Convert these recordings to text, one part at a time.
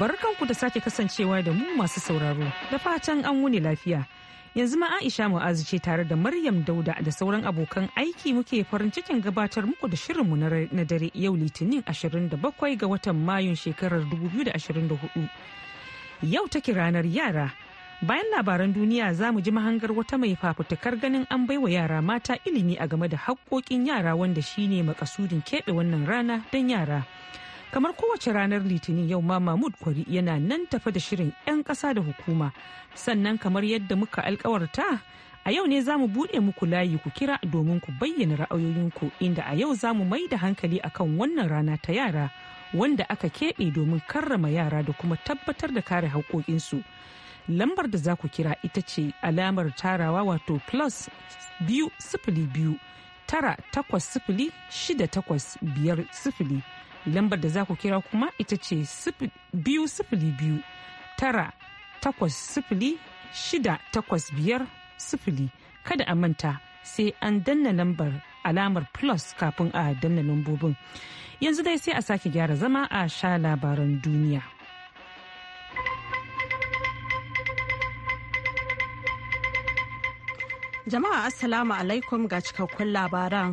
barkanku da sake kasancewa da mu masu sauraro da fatan an wuni lafiya. Yanzu ma Aisha Mu'azu ce tare da Maryam Dauda da sauran abokan aiki muke farin cikin gabatar muku da shirinmu na dare yau Litinin 27 ga watan Mayun shekarar 2024. Yau take ranar yara. Bayan labaran duniya za mu ji mahangar wata mai fafutukar ganin an baiwa yara mata ilimi a game da haƙƙoƙin yara wanda shine makasudin keɓe wannan rana don yara. kamar kowace ranar litinin yau ma mahmud kwari yana nan tafa da shirin 'yan ƙasa da hukuma sannan kamar yadda muka alkawarta a yau ne za mu buɗe muku layi ku kira domin ku bayyana ra'ayoyinku inda a yau za mu mai da hankali akan wannan rana ta yara wanda aka keɓe domin karrama yara da kuma tabbatar da kare haƙoƙinsu lambar da za ku kira ita ce alamar tarawa wato plus biyu sifili biyu tara takwas sifili shida takwas biyar sifili lambar da za ku kira kuma ita ce biyu sifili biyu tara takwas sifili shida takwas biyar sifili kada a manta sai an danna lambar alamar plus kafin a danna lambobin yanzu dai sai a sake gyara zama a sha labaran duniya jama'a assalamu alaikum ga cikakkun labaran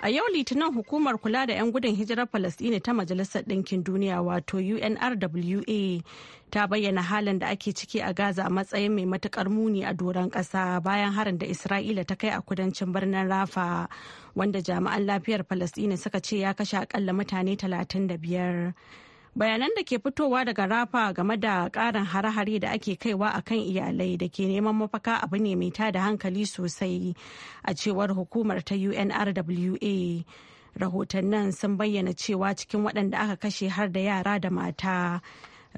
A yau Litinin hukumar kula da 'yan gudun hijirar Falasɗini ta Majalisar Ɗinkin Duniya wato UNRWA ta bayyana halin da ake ciki a Gaza a matsayin mai matukar muni a doron ƙasa bayan harin da Isra'ila ta kai a kudancin birnin Rafa wanda jami'an lafiyar Falasɗini suka ce ya kashe akalla mutane 35. bayanan da ke fitowa daga rafa game da karin hare-hare da ake kaiwa a kan iyalai da ke neman mafaka abu ne mai da hankali sosai a cewar hukumar ta unrwa rahotannin sun bayyana cewa cikin waɗanda aka kashe har da yara da mata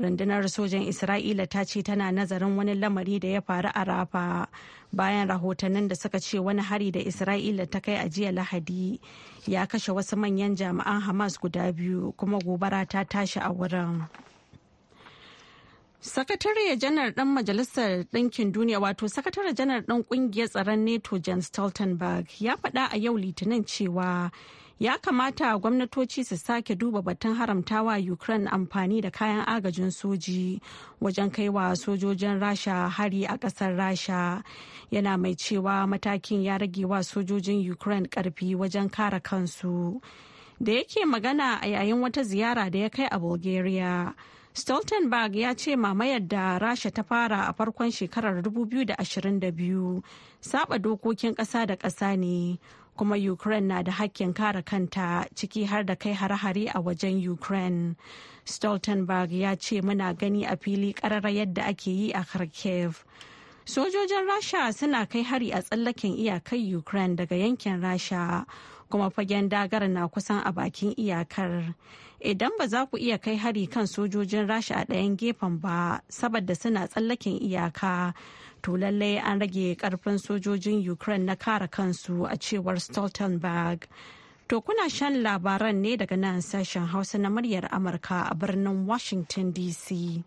rundunar sojan isra'ila ta ce tana nazarin wani lamari da ya faru a rafa bayan rahotannin da suka ce wani hari da isra'ila ta kai a jiya lahadi ya kashe wasu manyan jami'an hamas guda biyu kuma gobara ta tashi a wurin sakatare janar ɗan majalisar ɗinkin duniya wato sakatare janar ɗan ƙungiyar tsaron neto jens stoltenberg ya faɗa a yau litinin cewa ya kamata gwamnatoci su sake duba batun haramtawa ukraine amfani da kayan agajin soji wajen kaiwa sojojin rasha hari a kasar rasha yana mai cewa matakin ya rage wa sojojin ukraine karfi wajen kare kansu da yake magana a yayin wata ziyara da ya kai a bulgaria stoltenberg ya ce mamayar da rasha ta fara a farkon shekarar 2022 saba dokokin kasa da kasa ne kuma ukraine na da hakkin kare kanta ciki har da kai hare-hare a wajen ukraine stoltenberg ya ce muna gani a fili karara yadda ake yi a kharkiv sojojin rasha suna kai hari a tsallaken iyakar ukraine daga yankin rasha kuma fagen dagara na kusan a bakin iyakar idan ba za ku iya kai hari kan sojojin rasha a ɗayan gefen ba saboda suna tsallaken iyaka to lallai an rage karfin sojojin ukraine na kara kansu a cewar stoltenberg to kuna shan labaran ne daga nan sashen hausa na muryar amurka a birnin washington dc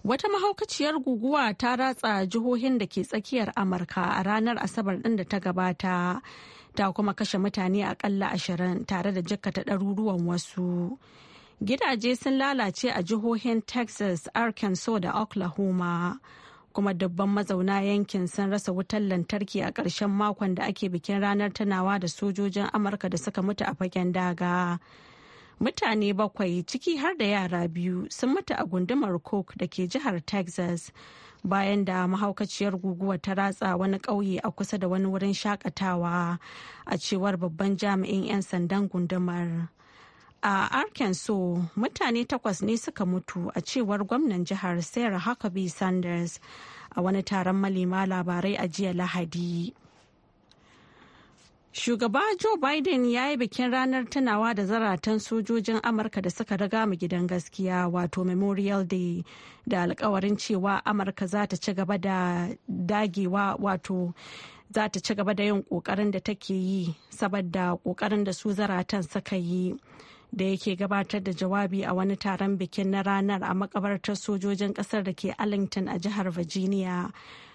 Wata mahaukaciyar guguwa ta ratsa jihohin da ke tsakiyar Amurka a ranar Asabar ɗin da ta gabata, ta kuma kashe mutane akalla ashirin tare da jakkata ɗaruruwan wasu. Gidaje sun lalace a jihohin Texas, Arkansas da Oklahoma. kuma dubban mazauna yankin sun rasa wutar lantarki a ƙarshen makon da ake bikin ranar tunawa da sojojin amurka da suka mutu a fagen daga mutane bakwai ciki har da yara biyu sun mutu a gundumar cook da ke jihar texas bayan da mahaukaciyar guguwa ta ratsa wani ƙauye a kusa da wani wurin shakatawa a cewar babban jami'in 'yan sandan gundumar. a arkansas mutane takwas ne suka mutu a cewar gwamnan jihar sarah huckabee sanders a wani taron malema labarai a jiya lahadi. Shugaba Joe Biden ya yi bikin ranar tunawa da zaratan sojojin Amurka da suka riga mu gidan gaskiya wato Memorial Day da alkawarin cewa Amurka za ta ci gaba da dagewa wato za ta ci gaba da yin kokarin da take yi saboda kokarin da su zaratan suka yi da yake gabatar da jawabi a wani taron bikin na ranar a makabartar sojojin kasar da ke Arlington a jihar Virginia.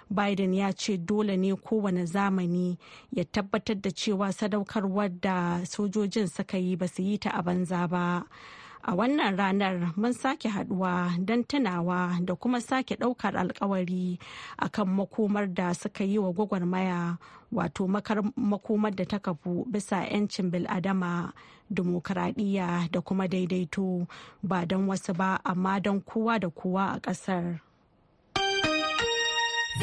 biden ya ce dole ne kowane zamani ya tabbatar da cewa sadaukarwar da sojojin suka yi ba su yi ta a banza ba a wannan ranar mun sake haduwa don tunawa da kuma sake daukar alkawari akan makomar da suka yi wa gwagwarmaya wato makomar da ta kafu bisa 'yancin biladama dimokuraɗiyya da kuma daidaito ba don wasu ba amma don kowa da kowa a ƙasar. A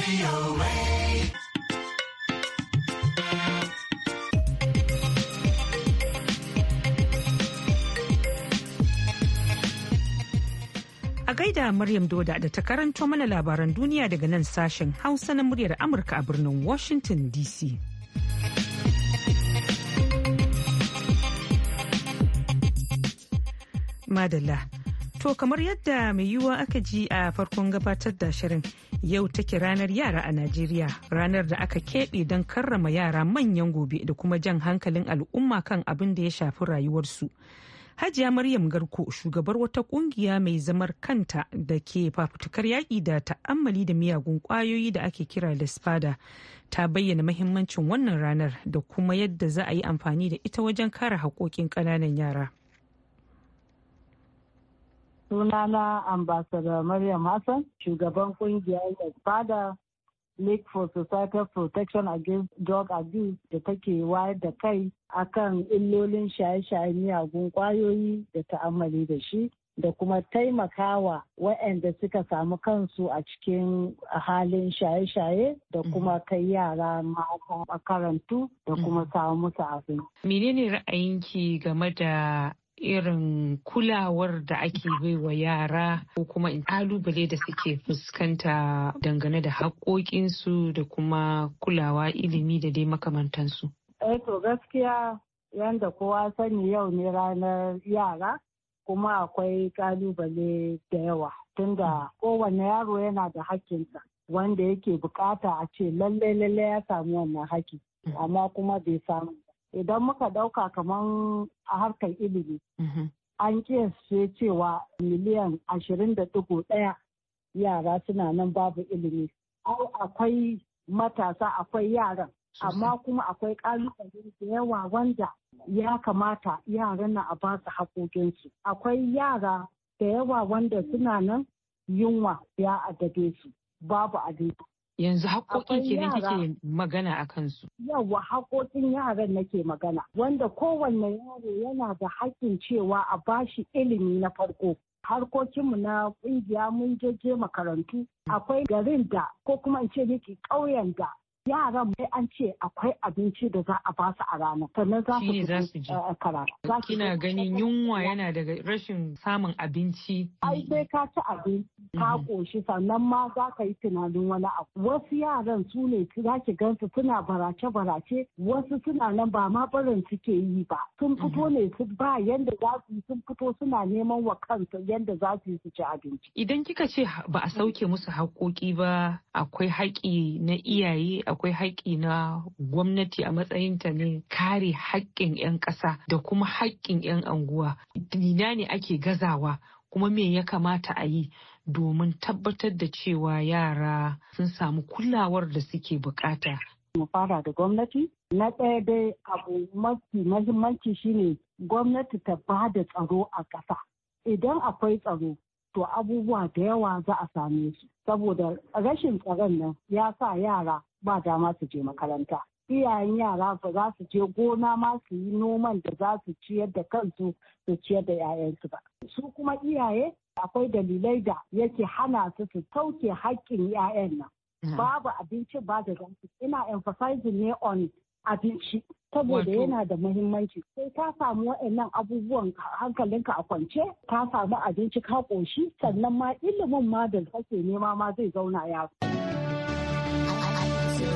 gaida Maryam Doda da ta karanto mana labaran duniya daga nan sashen Hausa na muryar Amurka a birnin Washington DC. Madalla. To kamar yadda mai yiwuwa aka ji a farkon gabatar da shirin yau take ranar yara a Najeriya ranar da aka keɓe don karrama yara manyan gobe da kuma jan hankalin al'umma kan abin da ya shafi rayuwarsu. Hajiya Maryam Garko shugabar wata kungiya mai zamar kanta da ke fafutukar yaƙi da ta'ammali da miyagun ƙwayoyi da ake kira da spada ta bayyana mahimmancin wannan ranar da kuma yadda za a yi amfani da ita wajen kare haƙoƙin ƙananan yara. Sunana Ambassador Maryam Hassan, shugaban kungiyar Father, League for Societal Protection Against Drug Abuse da take wayar da kai akan illolin shaye-shaye miyagun kwayoyi da ta'ammali da shi da kuma taimakawa waɗanda suka samu kansu a cikin halin shaye-shaye da mm-hmm. kuma kai yara makarantu da mm-hmm. kuma samu musu abin. Menene ra'ayinki game da irin kulawar da ake baiwa yara ko kuma kalubale da suke fuskanta dangane da haƙoƙinsu da kuma kulawa ilimi da dai makamantansu. Eh to gaskiya yadda kowa sani yau ne ranar yara kuma akwai kalubale da yawa tunda kowane yaro yana da hakkinsa wanda yake bukata a ce lalle lalle ya samu wannan haki amma kuma bai samu idan muka dauka kamar a harkar ilimi mm-hmm. an kiyasce cewa miliyan ashirin da dugu ɗaya yara suna nan babu ilimi au akwai matasa akwai yaran amma kuma akwai kalubale da yawa wanda ya kamata yaran na a basu haƙoƙinsu akwai yara da yawa wanda suna nan yunwa ya adade su babu abinci Yanzu haƙoƙi ke kike magana a kansu. Yawwa haƙoƙin yaran nake magana wanda kowanne yaro yana da haƙƙin cewa a bashi ilimi na farko. harkokinmu na ƙungiya mun je makarantu akwai garin da ko kuma in ce ke ƙauyen da yaran mai an ce akwai abinci da za a ba su a rana sannan za su eh, karara. Kina ganin yunwa yana daga rashin samun abinci. Ai sai ka ci abinci ka koshi mm-hmm. sannan ma za ka yi tunanin wani abu. Wasu yaran su ne za ki gansu suna barace-barace wasu suna nan ba ma barin suke yi ba. Sun fito mm-hmm. ne su ba yanda za su sun fito suna neman wa kansu yanda za su su ci abinci. Idan kika ce ba a sauke musu haƙoƙi ba akwai haƙi na iyaye akwai haƙƙi na gwamnati a matsayin ta ne kare haƙƙin 'yan ƙasa da kuma haƙƙin 'yan anguwa. Ina ne ake gazawa kuma me ya kamata a yi domin tabbatar da cewa yara sun samu kulawar da suke bukata. Mu fara da gwamnati. Na ɗaya dai abu mafi mahimmanci shine gwamnati ta ba da tsaro a ƙasa. Idan akwai tsaro, to abubuwa da yawa za a same su. Saboda rashin tsaron nan ya sa yara ba dama su je makaranta iyayen yara ba za su je gona ma su yi noman da za su ciyar da kansu su ciyar da 'ya'yansu ba su kuma iyaye akwai dalilai da yake hana su su sauke haƙƙin 'ya'yan nan hmm. babu abinci ba da zansu ina emphasizing ne on abinci saboda yana da muhimmanci sai ta samu waɗannan abubuwan hankalinka a kwance Ta samu abinci ka ƙoshi sannan ma ilimin ma da kake nema ma zai zauna ya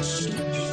是。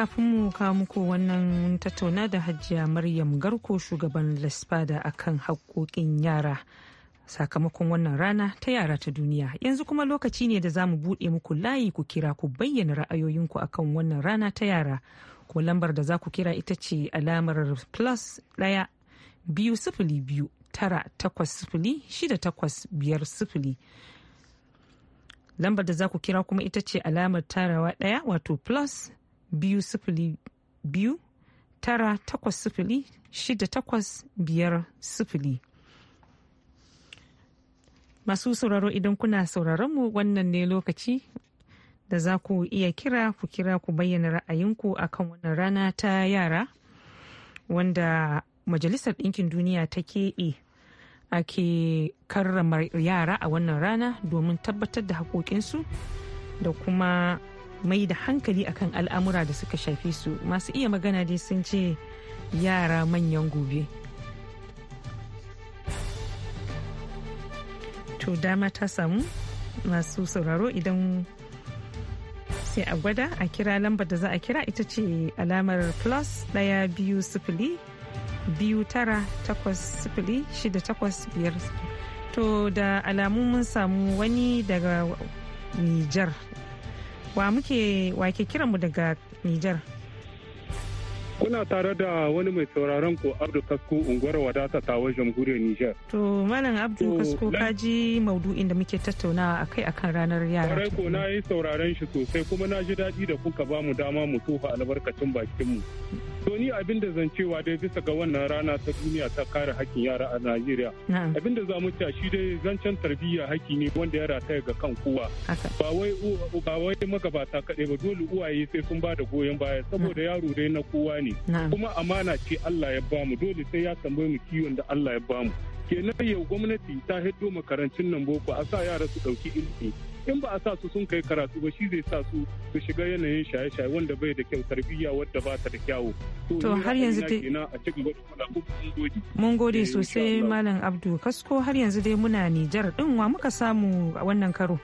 kafin mu kawo muku wannan tattauna da hajjiya maryam garko shugaban lasfada akan haƙoƙin yara sakamakon wannan rana ta yara ta duniya yanzu kuma lokaci ne da za mu buɗe muku layi ku kira ku bayyana ra'ayoyinku akan wannan rana ta yara ko lambar da za ku kira ita ce alamar plus ɗaya biyu sifili biyu tara takwas sifili shida takwas biyar sifili lambar da za ku kira kuma ita ce alamar tarawa ɗaya wato plus biyu sifili biyu tara takwas sifili shida takwas biyar sifili. Masu sauraro idan kuna sauraron mu wannan ne lokaci da za ku iya kira ku kira ku bayyana ra'ayinku akan wannan rana ta yara wanda Majalisar Ɗinkin Duniya ta keɓe ake karrama yara a wannan rana domin tabbatar da haƙoƙinsu da kuma mai da hankali akan al'amura da suka shafi su masu iya magana dai sun ce yara manyan gobe to dama ta samu masu sauraro idan sai a gwada a kira lambar da za a kira ita ce alamar plus daya biyu sifili biyu tara takwas sifili shida takwas biyar to da alamu mun samu wani daga nijar Wa muke wa ke mu daga Nijar? Kuna tare da wani mai sauraron ko Abdu Kasko unguwar wadata ta wajen jamhuriyar Nijar. To Malam Abdu Kasko ka ji maudu'in da muke tattaunawa akai akan ranar yara. Kwarai ko na yi sauraron shi sosai kuma na ji daɗi da kuka ba mu dama mu tufa albarkacin mu. To abin da zan cewa dai bisa ga wannan rana ta duniya ta kare hakkin yara a Najeriya. Abin da za mu cewa shi dai zancen tarbiyya hakki ne wanda ya rataya ga kan kowa. Ba wai ba wai magabata kaɗai ba dole uwaye sai sun ba da goyon baya saboda yaro dai na kowa ne. Kuma amana ce Allah ya bamu dole sai ya tambayi mu kiwon da Allah ya bamu. kenan yau gwamnati ta hiddo makarantun nan boko a sa yara su ɗauki ilimi in ba a sa su sun kai karatu ba shi zai sa su su shiga yanayin shaye-shaye wanda bai da kyau tarbiyya wadda ba ta da kyawu. To har yanzu dai mun gode eh, sosai Malam Abdu Kasko har yanzu dai muna Nijar din wa muka samu a wannan karo.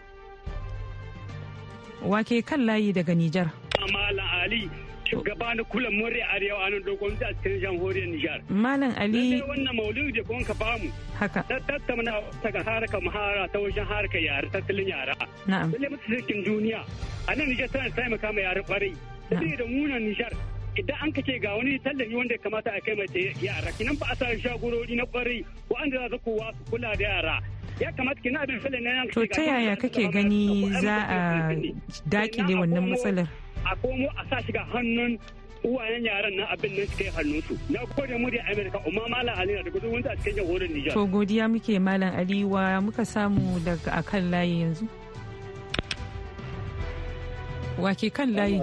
Wake kan layi daga Nijar. Malam shugabani na kula a arewa anan dokon a cikin jamhuriyar Nijar. Malam Ali. Lallai wannan maulidi da kun ka bamu. Haka. Ta tattauna ta ga harkar mahara ta wajen harkar ta tilin yara. Na'am. Lallai cikin duniya. A nan Nijar tana taimaka ma yara kwarai. Sai da munan Nijar. idan an kace ga wani tallafi wanda ya kamata a kai mace yara kinan ba a sa shagurori na kwarai wa'anda za su kowa su kula da yara ya kamata kina abin fele na yanka to ta yaya kake gani za a dakile wannan matsalar a komo a sa shiga hannun uwayen yaran na abin nan suka yi hannunsu na kodin mu da amerika umma malam ali na da gudun wanda a cikin jamhuriyar nijar to godiya muke malam ali wa muka samu daga akan layi yanzu wake kan layi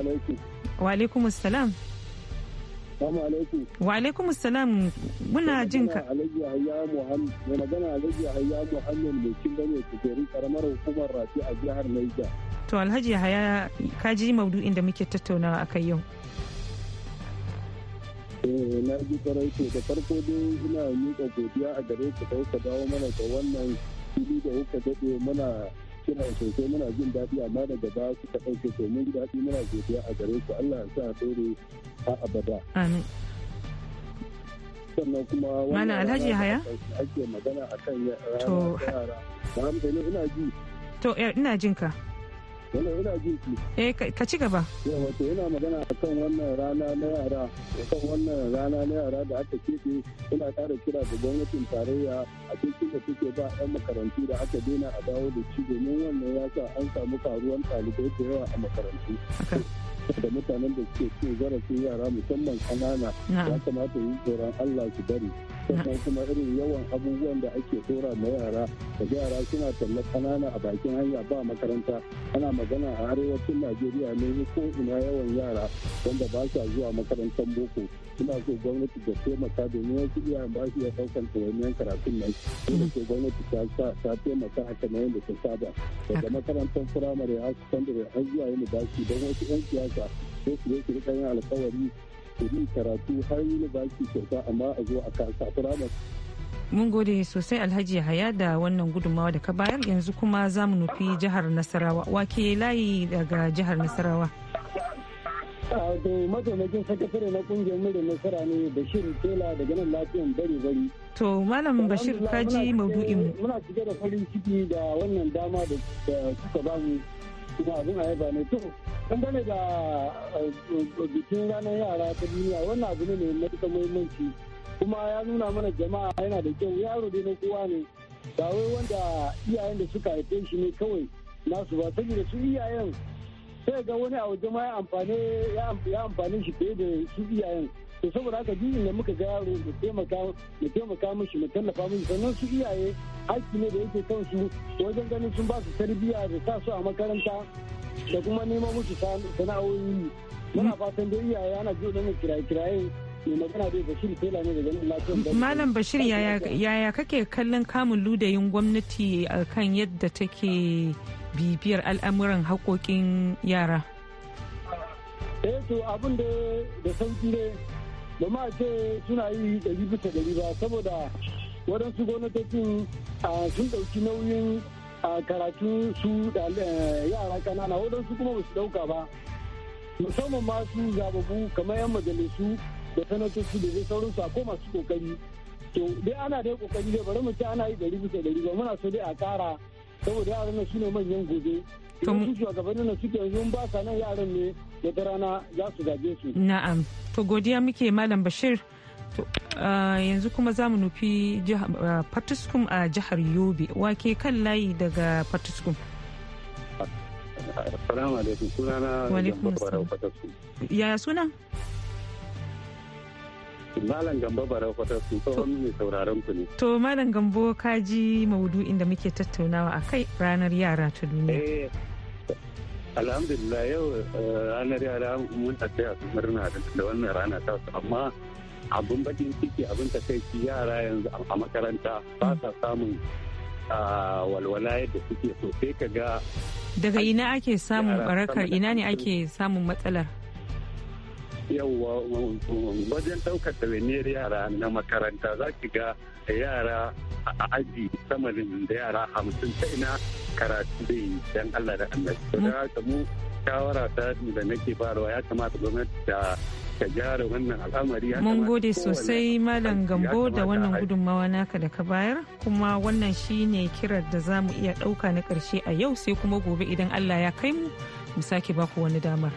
wa alaikumus salam Wa alaikum salam muna jin ka. Alhaji Hayya Muhammad mai magana Alhaji Hayya Muhammad mai kin gane kujeri karamar hukumar Rafi a jihar Niger. To Alhaji Hayya ka ji maudu'in da muke tattaunawa akai yau. Eh na ji karai to da farko dai ina miƙa godiya a gare ku da kuka dawo mana da wannan fili da kuka daɗe mana kira sosai muna jin daɗi amma daga su suka ɗauke to mun daɗi muna godiya a gare ku Allah ya sa dore a abada. Amin. Sannan kuma wannan Alhaji Haya ake magana akan yara. To. ina ji. To eh, ina jin ka. yana yana eh ka ci gaba yawa yana magana akan wannan rana na yara kan wannan rana na yara da aka keke ina kara kira da gwamnatin tarayya a cikin da suke ba 'yan makarantu da aka daina a dawo da ci domin wannan ya sa an samu karuwan ɗalibai da yawa a makarantu da mutanen da suke cin zarafin yara musamman kanana ya kamata yi tsoron Allah su bari sannan kuma irin yawan abubuwan da ake tsora ma yara da yara suna talla kanana a bakin hanya ba makaranta ana magana a arewacin Najeriya ne ko ina yawan yara wanda ba sa zuwa makarantar boko suna so gwamnati da taimaka domin wasu iyayen ba su iya saukan tsawaniyar karatun nan dole ce gwamnati ta sa ta taimaka a kamar yadda ta saba daga makarantar firamare har sakandare har zuwa yin ba su don wasu 'yan siyasa haka sai su rika yin alkawari su yi karatu har yi ba kyauta amma a zo a kasa firamar. Mun gode sosai Alhaji Haya da wannan gudunmawa da ka bayar yanzu kuma za mu nufi jihar Nasarawa. Wake layi daga jihar Nasarawa. Da mataimakin sakatare na kungiyar mure nasara ne bashir tela daga nan lafiyan bari bari to malam bashir kaji maudu'in muna cike da farin ciki da wannan dama da suka bamu kuma abin a yaba ne to dangane da eh, bikin ranar yara ta duniya wannan abu ne mai matuƙar muhimmanci kuma ya nuna mana jama'a yana da kyau yaro dai na kowa ne ba wai wanda iyayen da suka haife shi ne kawai nasu ba saboda su iyayen sai ga wani a wajen ma ya amfani shi fiye da su iyayen to saboda haka duk da muka ga yaro mu taimaka mu taimaka mishi mu tallafa mishi sannan su iyaye haƙƙi ne da yake kansu wajen ganin sun ba su tarbiyya da sa su a makaranta da kuma neman musu sana'o'i muna fatan da iyaye ana jiyo don kiraye-kiraye mai magana dai bashir tela ne daga nan lafiyar malam bashir yaya kake kallon kamun ludayin gwamnati kan yadda take bibiyar al'amuran haƙoƙin yara eh to abin da sauki ne ba ma ce suna yi ɗari bisa ɗari ba saboda waɗansu gwamnatocin sun ɗauki nauyin karatun su eh, yara ƙanana waɗansu kuma basu ɗauka ba musamman ma su zababu kamar 'yan majalisu da sanatoci da zai sauransu a ko masu ƙoƙari to dai ana dai ƙoƙari dai bari mu ce ana yi ɗari bisa ɗari ba muna so dai a ƙara saboda yaran su ne manyan gobe yawancin shugabannin da suke yanzu ba sa nan yaran ne da ta rana za su gaje su. Na'am, to godiya muke Malam Bashir. yanzu kuma za mu nufi Fatuskum a jihar Yobe, wake kan layi daga Fatuskum. Assalamu alaikum, sunana Gamba Barau Fatuskum. Yaya sunan? Malam Gambo Barau Fatasku tsohon mai sauraron ku ne. To Malam Gambo ka ji maudu'in da muke tattaunawa a kai ranar yara ta duniya. Eh, alhamdulillah yau eh, ranar yara mun tafiya su murna da wannan rana ta amma abin bakin ciki abin takaici yara yanzu a makaranta ba sa samun ah, walwala yadda suke so sai ka ga daga ina ake samun barakar ina ne ake samun matsalar yawwa wajen da ɗawainiyar yara na makaranta za ki ga yara a aji sama da yara hamsin ta ina karatu zai yi don Allah da Allah. To da haka mu shawara ta da nake farawa ya kamata gwamnati ta ta gyara wannan al'amari. Mun gode sosai Malam Gambo da wannan gudunmawa naka da ka bayar kuma wannan shine kirar da za mu iya ɗauka na karshe a yau sai kuma gobe idan Allah ya kai mu mu sake baku wani damar.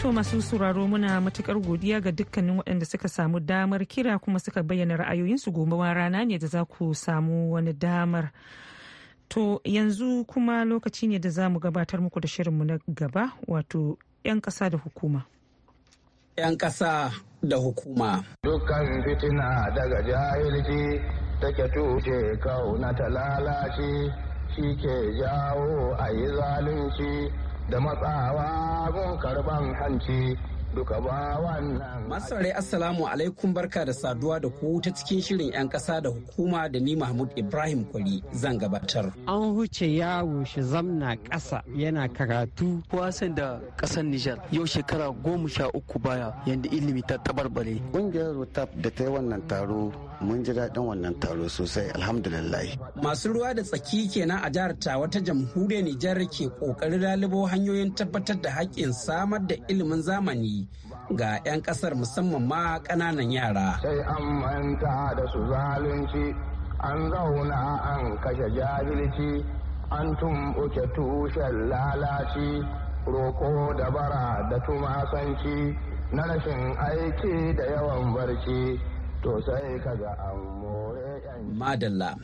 To masu sauraro muna matukar godiya ga dukkanin waɗanda suka samu damar kira kuma suka bayyana ra'ayoyinsu gobe rana ne da za ku samu wani damar. To yanzu kuma lokaci ne da za mu gabatar muku da shirinmu na gaba wato 'yan ƙasa da hukuma. 'Yan ƙasa da hukuma. Dukkan fitina daga jahilci take tuce kauna ta lalace shi ke jawo a yi zalunci da matsawa gun karban hanci duka ba wannan. Masarai Assalamu alaikum barka da saduwa da ku ta cikin shirin 'yan ƙasa da hukuma da ni Mahmud Ibrahim Kwali zan gabatar. An huce yawo shi zamna ƙasa yana karatu. Kwasan da ƙasar Nijar yau shekara goma sha uku baya yadda ilimi ta tabarbare. Ƙungiyar Rotap da ta yi wannan taro mun ji daɗin wannan taro sosai alhamdulillah. Masu ruwa da tsaki kenan a jihar Tawa ta jamhuriyar Nijar ke ƙoƙarin lalubo hanyoyin tabbatar da haƙƙin samar da ilimin zamani ga 'yan kasar musamman ma ƙananan yara. Sai an manta da su zalunci, an zauna an kashe jahilci, an tumɓuke tushen lalaci, roko da bara da tumasanci, na rashin aiki da yawan barci, to sai kaga an more Madalla.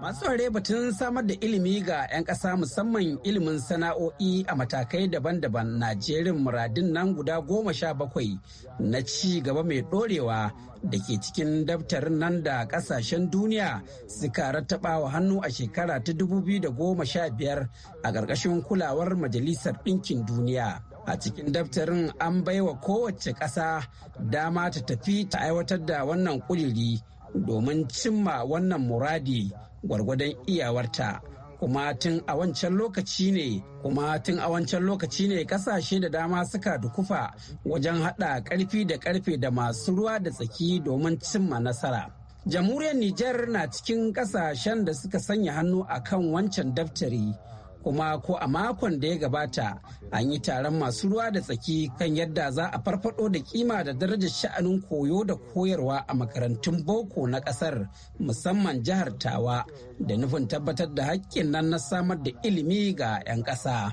Masu ware batun samar da ilimi ga 'yan ƙasa musamman ilimin sana'o'i a matakai daban-daban na jerin muradin nan guda goma sha bakwai na ci gaba mai ɗorewa da ke cikin daftarin nan da ƙasashen duniya suka rattaba wa hannu a shekara ta dubu biyu da goma sha biyar a ƙarƙashin kulawar Majalisar Ɗinkin Duniya. a cikin daftarin an baiwa kowace ƙasa dama ta tafi ta aiwatar da wannan kuliri domin cimma wannan muradi gwargwadon iyawarta kuma tun a wancan lokaci ne kuma tun a wancan lokaci ne kasashe da dama suka dukufa wajen hada karfi da karfe da masu ruwa da tsaki domin cimma nasara jamhuriyar niger na cikin kasashen da suka sanya hannu akan wancan daftari kuma ko a makon da ya gabata an yi taron masu ruwa da tsaki kan yadda za a farfado da kima da darajar sha'anin koyo da koyarwa a makarantun boko na kasar musamman jihar tawa da nufin tabbatar da hakkin nan na samar da ilimi ga 'yan ƙasa.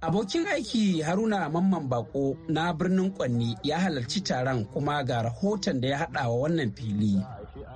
abokin aiki haruna mamman bako na birnin kwanni ya halarci taron kuma ga rahoton da ya haɗa wa wannan fili.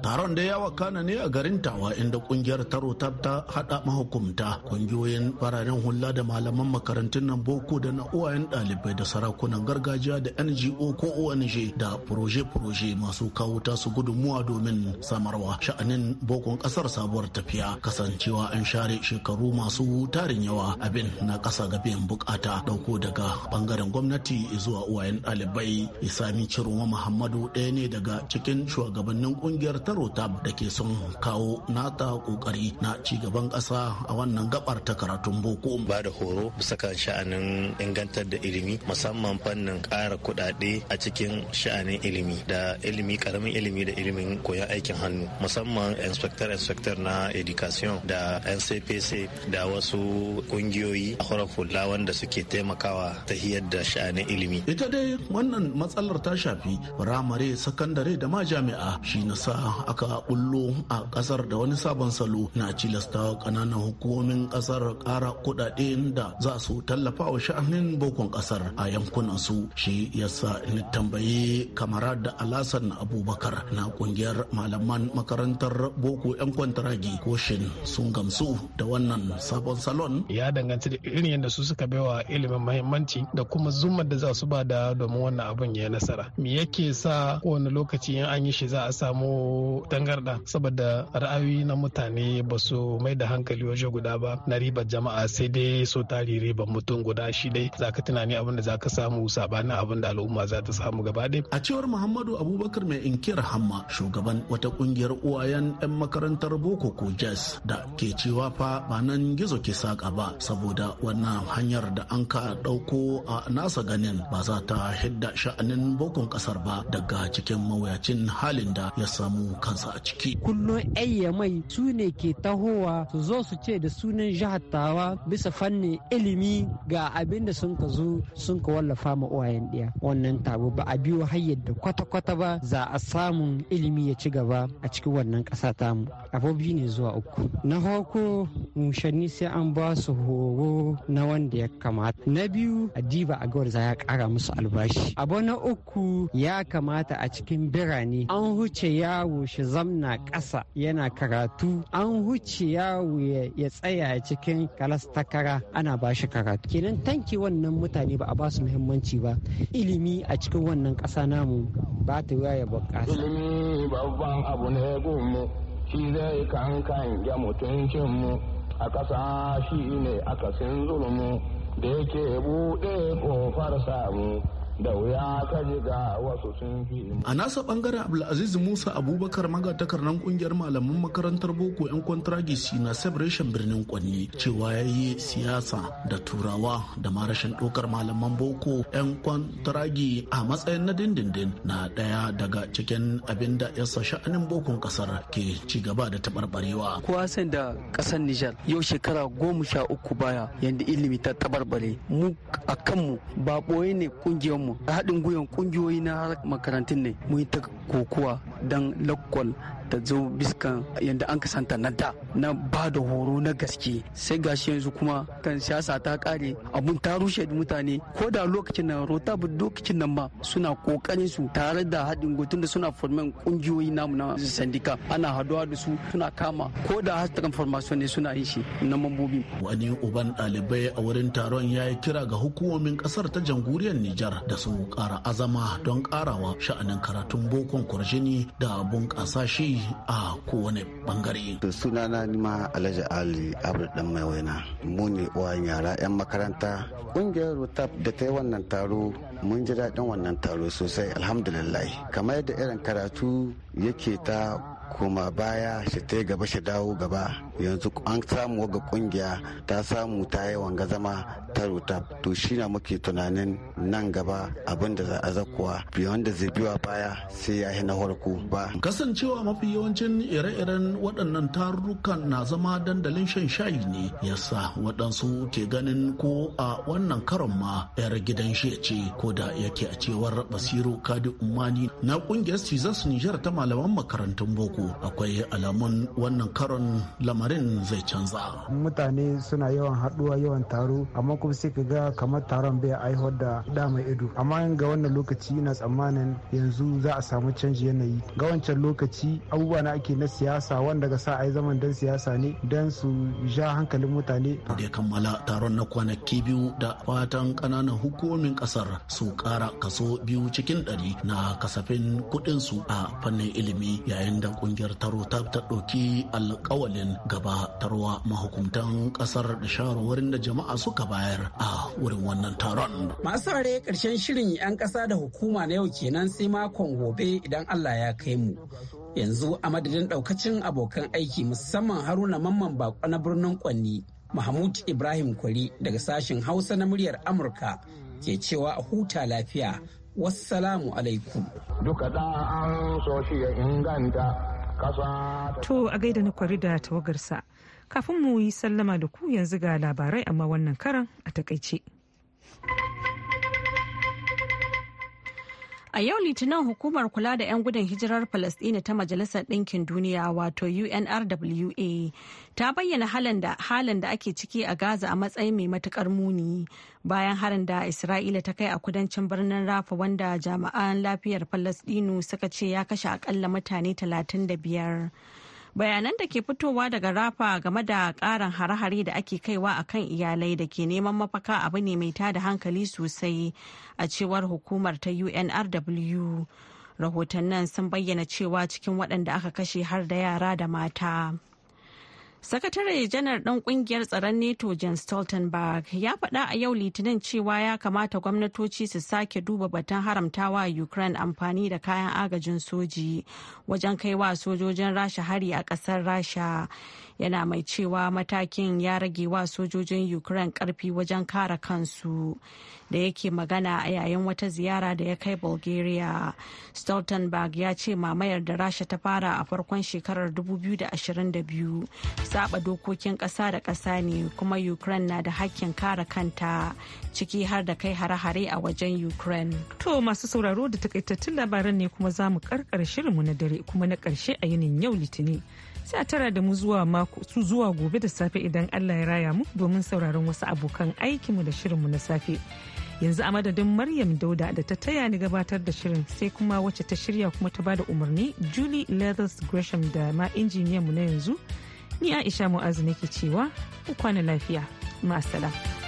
taron da ya wakana ne a garin tawa inda kungiyar taro ta hada mahukumta kungiyoyin fararen hula da malaman makarantun nan boko da na uwayen dalibai da sarakunan gargajiya da ngo ko ong da proje-proje masu kawo tasu gudunmuwa domin samarwa sha'anin bokon kasar sabuwar tafiya kasancewa an share shekaru masu tarin yawa abin na kasa ga biyan bukata dauko daga bangaren gwamnati zuwa uwayen dalibai isami ciroma muhammadu ɗaya ne daga cikin shugabannin kungiyar kungiyar ta rotab da ke son kawo nata kokari na ci gaban kasa a wannan gabar ta karatun boko ba da horo bisa kan sha'anin ingantar da ilimi musamman fannin ƙara kuɗaɗe a cikin sha'anin ilimi da ilimi karamin ilimi da ilimin koyon aikin hannu musamman inspector inspector na education da ncpc da wasu kungiyoyi a horon hula wanda suke taimakawa ta hiyar da sha'anin ilimi ita dai wannan matsalar ta shafi ramare sakandare da ma jami'a shi na sa da aka bullo a kasar da wani sabon salo na cilasta kananan hukumomin kasar kara kudaden da za su tallafa wa sha'anin bokon kasar a yankunan su shi yasa ni tambaye kamara da alasan abubakar na kungiyar malaman makarantar boko yan kwantaragi ko shin sun gamsu da wannan sabon salon ya danganci da irin yadda su suka baiwa ilimin mahimmanci da kuma zumar da za su ba da domin wannan abin ya nasara me yake sa kowane lokaci in an yi shi za a samu dangarda saboda ra'ayoyi na mutane ba su mai da hankali waje guda ba na ribar jama'a sai dai so tari ribar mutum guda shi dai za ka tunani abin da za ka samu sabanin abin da al'umma za ta samu gaba A cewar Muhammadu Abubakar mai inkiyar Hamma shugaban wata kungiyar uwayen 'yan makarantar Boko ko Jazz da ke cewa fa ba nan gizo ke saka ba saboda wannan hanyar da an ka dauko a nasa ganin ba za ta hidda sha'anin bokon kasar ba daga cikin mawuyacin halin da ya samu samu kansa a ciki kullum ayyamai su ne ke tahowa su zo su ce da sunan jihar tawa bisa fannin ilimi ga abin da sun ka zo sun ka wallafa ma uwayen ɗaya wannan tabo ba a biyo har yadda kwata-kwata ba za a samun ilimi ya ci gaba a cikin wannan ƙasa tamu abubuwa ne zuwa uku na farko mushanni sai an ba su horo na wanda ya kamata na biyu adiba a gawar za ya ƙara musu albashi abu na uku ya kamata a cikin birane an huce ya yawo shi zamna ƙasa yana karatu an huce yawo ya tsaya cikin kalastakara ana ba shi karatu kenan tanki wannan mutane ba a ba su muhimmanci ba ilimi a cikin wannan ƙasa namu ba ta ya bukasa. ilimi babban abu ne gomo shi zai kankan ya mutuncinmu a ƙasa shi ne akasin zulumi da yake buɗe ƙofar samu da wuya ka wasu sun fi a nasa bangaren abdulaziz musa abubakar nan kungiyar malaman makarantar boko yan kwantragisi na separation birnin kwanni cewa ya yi siyasa da turawa da ma rashin ɗaukar malaman boko yan kwantragi a matsayin na dindindin na daya daga cikin abin da ya sa sha'anin bokon kasar ke ci gaba da tabarbarewa kowa san da kasar nijar yau shekara goma sha uku baya yadda ilimi ta tabarbare mu a kanmu ba ne kungiyarmu a haɗin gwiwan ƙungiyoyi na makarantun ne mun yi ta kokuwa dan lakwal ta zo biskan yadda an kasanta na da na ba da horo na gaske sai gashi yanzu kuma kan siyasa ta kare abun ta rushe mutane ko da lokacin nan rota lokacin nan ma suna kokarin su tare da haɗin gutun da suna formen kungiyoyi namu na sandika ana haduwa da su suna kama ko da har transformation ne suna yin shi na mambobi wani uban ɗalibai a wurin taron ya yi kira ga hukumomin ƙasar ta jamhuriyar Nijar da su kara azama don ƙarawa sha'anin karatun bokon kwarjini da bunƙasa shi kokari a kowane bangare. To sunana nima Alhaji Ali Abdul Dan Mai Waina. Mu ne uwayen yara 'yan makaranta. Ƙungiyar Rotap da ta yi wannan taro mun ji daɗin wannan taro sosai alhamdulillah. Kamar yadda irin karatu yake ta koma baya shi ta gaba shi dawo gaba yanzu an samu waga kungiya ta samu ta yi wanga zama ta ruta to shi na muke tunanin nan gaba abin da za a zakuwa beyond da zai biwa baya sai ya na farko ba kasancewa mafi yawancin ire-iren waɗannan tarurrukan na zama dandalin shan shayi ne yasa waɗansu ke ganin ko a wannan karon ma 'yar gidan shi ce ko da yake a cewar basiru kadi umani na ƙungiyar cizas nijar ta malaman makarantun boko akwai alamun wannan karon lamarin lamarin zai canza mutane suna yawan haɗuwa yawan taro amma kuma sai ka ga kamar taron bai aihuwar da da mai ido amma ga wannan lokaci ina tsammanin yanzu za a samu canji yanayi ga wancan lokaci abubuwa na ake na siyasa wanda ga sa ai zaman dan siyasa ne dan su ja hankalin mutane da ya kammala taron na kwanaki biyu da fatan kananan hukumomin ƙasar su kara kaso biyu cikin ɗari na kasafin kuɗin su a fannin ilimi yayin da ƙungiyar taro ta ɗauki alkawalin ga gabatarwa mahukuntan kasar da shawarwarin da jama'a suka bayar a wurin wannan taron. Masu saurare karshen shirin 'yan kasa da hukuma na yau kenan sai makon gobe idan Allah ya kai mu. Yanzu a madadin daukacin abokan aiki musamman Haruna Mamman Bako na birnin Kwanni, Mahmud Ibrahim Kwari daga sashen Hausa na muryar Amurka ke cewa a huta lafiya. Wassalamu alaikum. Duka da an so shi ya inganta To a gaida na kwari da tawagarsa. Kafin mu yi sallama da ku yanzu ga labarai amma wannan karan a takaice. A yau Litinin hukumar kula da 'yan gudun hijirar Falasɗina ta Majalisar Ɗinkin Duniya wato UNRWA ta bayyana halin da ake ciki a Gaza a matsayin mai matukar muni bayan harin da Isra'ila ta kai a kudancin birnin Rafa wanda jami'an lafiyar Falasɗinu suka ce ya kashe akalla mutane 35. bayanan da ke fitowa daga rafa game da karin hare-hare da ake kaiwa a kan iyalai da ke neman mafaka abu ne mai tada hankali sosai a cewar hukumar ta unrw rahotannin sun bayyana cewa cikin waɗanda aka kashe har da yara da mata Sakatare janar ɗan ƙungiyar tsaron NATO Jan Stoltenberg ya faɗa a yau Litinin cewa ya kamata gwamnatoci su sake duba batun haramtawa Ukraine amfani da kayan agajin soji wajen kaiwa sojojin Rasha hari a ƙasar Rasha. Yana mai cewa matakin ya rage wa sojojin Ukraine ƙarfi wajen kare kansu da yake magana a yayin wata ziyara da ya kai Bulgaria. Stoltenberg ya ce mamayar da Rasha ta fara a farkon shekarar 2022 saba dokokin ƙasa da ƙasa ne kuma ukraine na da hakkin kare kanta ciki har da kai hare-hare a wajen ukraine to masu sauraro da takaitattun labaran ne kuma za mu karkar shirinmu na dare kuma na ƙarshe a yinin yau litinin sai a tara da mu zuwa mako su zuwa gobe da safe idan Allah ya raya mu domin sauraron wasu abokan mu da shirin mu na safe. Yanzu a madadin Maryam Dauda da ta taya ni gabatar da shirin sai kuma wacce ta shirya kuma ta bada umarni Julie Leathers Gresham da ma injiniyan mu na yanzu Ni Aisha Mu'azu nake cewa ku kwana lafiya. Ma'asala.